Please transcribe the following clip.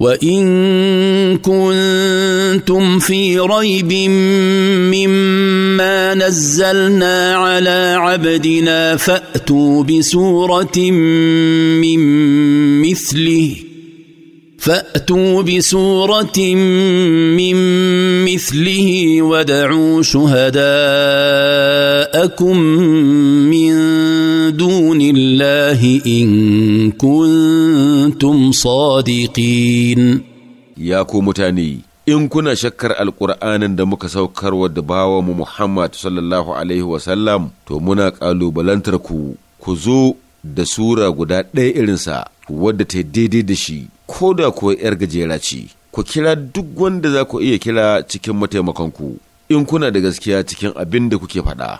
وان كنتم في ريب مما نزلنا على عبدنا فاتوا بسوره من مثله فاتوا بسوره من مثله ودعوا شهداءكم من Dunillahi الله إن كنتم صادقين يا in kuna shakkar alkur'anin da muka saukarwa da bawa mu Muhammad sallallahu alaihi wasallam to muna ƙalubalantar ku ku zo da sura guda ɗaya irin sa wadda ta daidai da shi ko da kuwa 'yar gajera ce ku kira duk wanda za ku iya kira cikin mataimakonku in kuna da gaskiya cikin abin da kuke faɗa